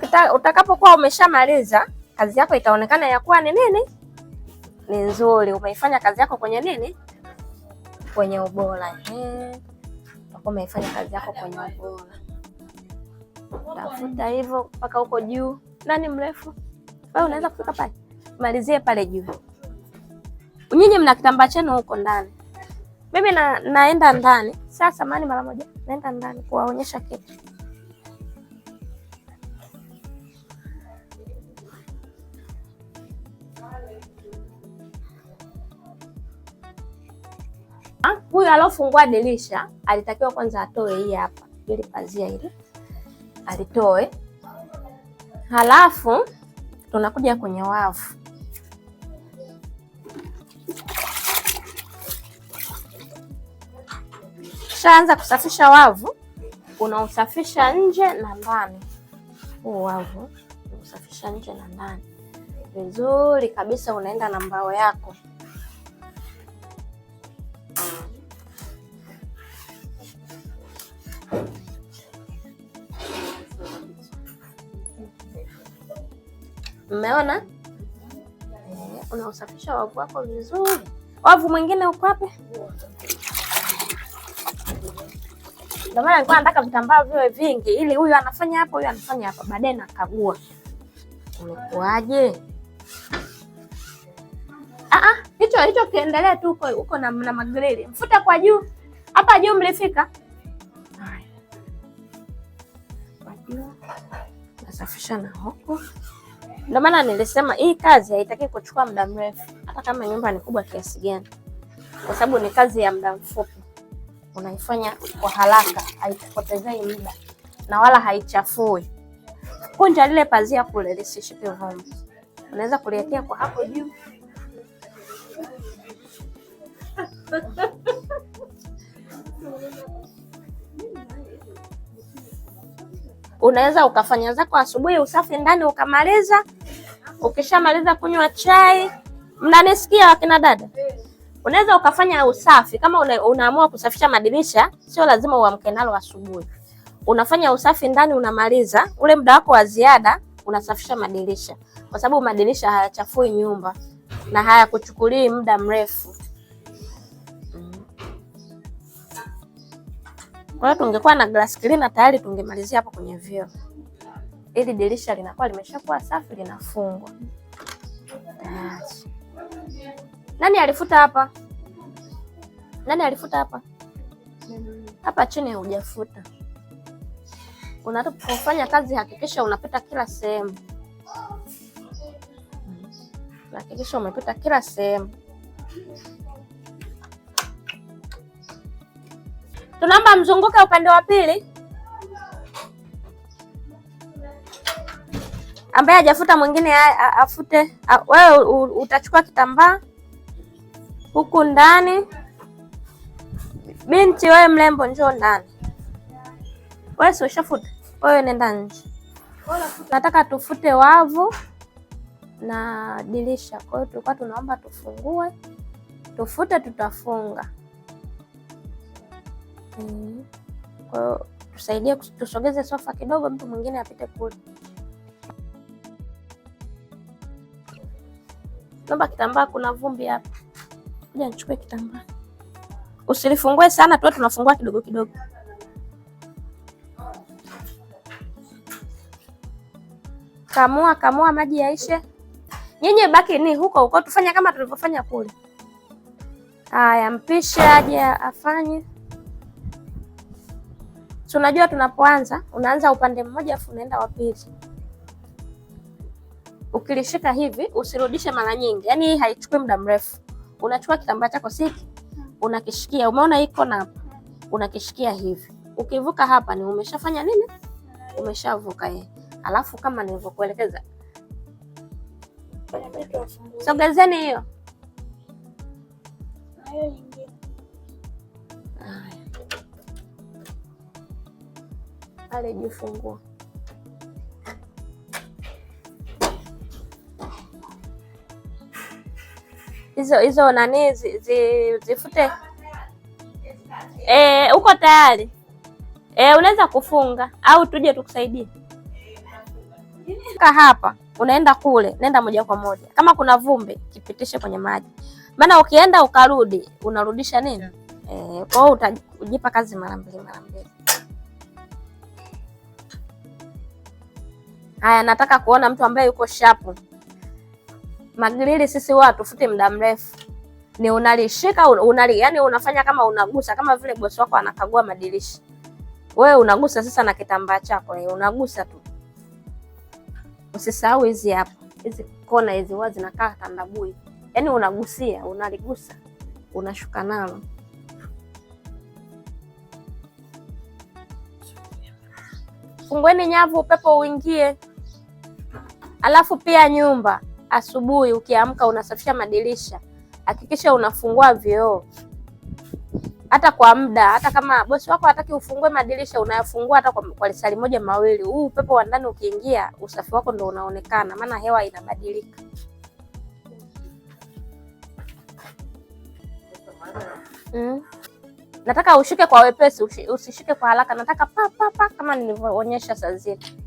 sita. Utakapokuwa umeshamaliza kazi yako, itaonekana ya kuwa ni nini, ni nzuri, umeifanya kazi yako kwenye nini, kwenye ubora. Utakuwa umeifanya kazi yako kwenye ubora. Tafuta hivyo mpaka huko juu. Nani mrefu wewe, unaweza kufika pale, malizie pale juu. Nyinyi mna kitambaa chenu huko ndani, mimi na, naenda ndani sasa. Samahani mara moja, naenda ndani kuwaonyesha kitu. huyu alofungua dirisha alitakiwa kwanza atoe hii hapa, ili pazia hili alitoe, halafu tunakuja kwenye wavu shaanza kusafisha wavu, unausafisha nje na ndani. Huu wavu unausafisha nje na ndani vizuri kabisa, unaenda na mbao yako. Mmeona, unausafisha wavu wako vizuri. Wavu mwingine uko wapi? Ndio maana nilikuwa nataka vitambaa viwe vingi, ili huyu anafanya hapo huyu anafanya hapa, baadaye nakagua umekuaje. Ah ah alichokiendelea tu uko uko na, na magreli mfuta kwa juu hapa juu mlifika. Nasafisha na huko, ndio maana nilisema hii kazi haitaki kuchukua muda mrefu, hata kama nyumba ni kubwa kiasi gani, kwa sababu ni kazi ya muda mfupi, unaifanya kwa haraka, haikupotezei muda na wala haichafui. Kunja lile pazia kule lisishipe vumbi, unaweza kuliwekea kwa hapo juu. Unaweza ukafanya zako asubuhi usafi ndani ukamaliza. Ukishamaliza kunywa chai, mnanisikia wakina dada? Unaweza ukafanya usafi kama una, unaamua kusafisha madirisha, sio lazima uamke nalo asubuhi. Unafanya usafi ndani unamaliza, ule muda wako wa ziada unasafisha madirisha, kwa sababu madirisha hayachafui nyumba na hayakuchukulii muda mrefu. Kwa hiyo tungekuwa na glass cleaner tayari tungemalizia hapo kwenye vioo. Ili dirisha linakuwa limeshakuwa safi linafungwa. Nani alifuta hapa? Nani alifuta hapa? Hapa chini hujafuta. Unapofanya kazi hakikisha unapita kila sehemu. Hakikisha umepita kila sehemu. Tunaomba mzunguke upande wa pili. Ambaye hajafuta mwingine afute. Wewe utachukua kitambaa huku ndani. Binti wewe mrembo, njoo ndani. Wewe si ushafute wewe nenda nje. Nataka tufute wavu na dirisha. Kwa hiyo tulikuwa tunaomba tufungue, tufute, tutafunga. Mm. Kwa hiyo tusaidie, tusogeze sofa kidogo, mtu mwingine apite kule. Naomba kitambaa, kuna vumbi hapa. Kuja nichukue kitambaa. Usilifungue sana, tuwe tunafungua kidogo kidogo. Kamua kamua, maji yaishe. Nyinyi baki ni huko huko, tufanya kama tulivyofanya kule. Haya, mpishe aje afanye Tunajua tunapoanza unaanza upande mmoja afu unaenda wa pili. Ukilishika hivi usirudishe mara nyingi, yaani hii haichukui muda mrefu. Unachukua kitambaa chako siki, unakishikia. Umeona iko na hapa, unakishikia hivi. Ukivuka hapa ni umeshafanya nini? Umeshavuka yeye. Alafu kama nilivyokuelekeza, sogezeni hiyo pale Hizo hizo nani zi, zi, zifute. E, uko tayari? E, unaweza kufunga au tuje tukusaidie? Ka hapa unaenda kule, nenda moja kwa moja. Kama kuna vumbi kipitishe kwenye maji, maana ukienda ukarudi unarudisha nini? Yeah. E, kwao utajipa kazi mara mbili mara mbili. Haya, nataka kuona mtu ambaye yuko shapu Magrili sisi huwa hatufute muda mrefu, ni unalishika unali, yani unafanya kama unagusa, kama vile bosi wako anakagua madirisha, wewe unagusa sasa na kitambaa chako, unagusa tu. Usisahau hizi hapo hizi kona hizi huwa zinakaa tandabui, yani unagusia, unaligusa, unashuka nalo Fungueni nyavu, upepo uingie. Alafu pia nyumba, asubuhi ukiamka unasafisha madirisha, hakikisha unafungua vioo hata kwa muda. Hata kama bosi wako hataki ufungue madirisha, unayafungua hata kwa, kwa lisali moja mawili. Huu upepo wa ndani ukiingia, usafi wako ndo unaonekana, maana hewa inabadilika. Mm. Nataka ushike kwa wepesi, usishike kwa haraka. Nataka pa pa pa kama nilivyoonyesha saa zile.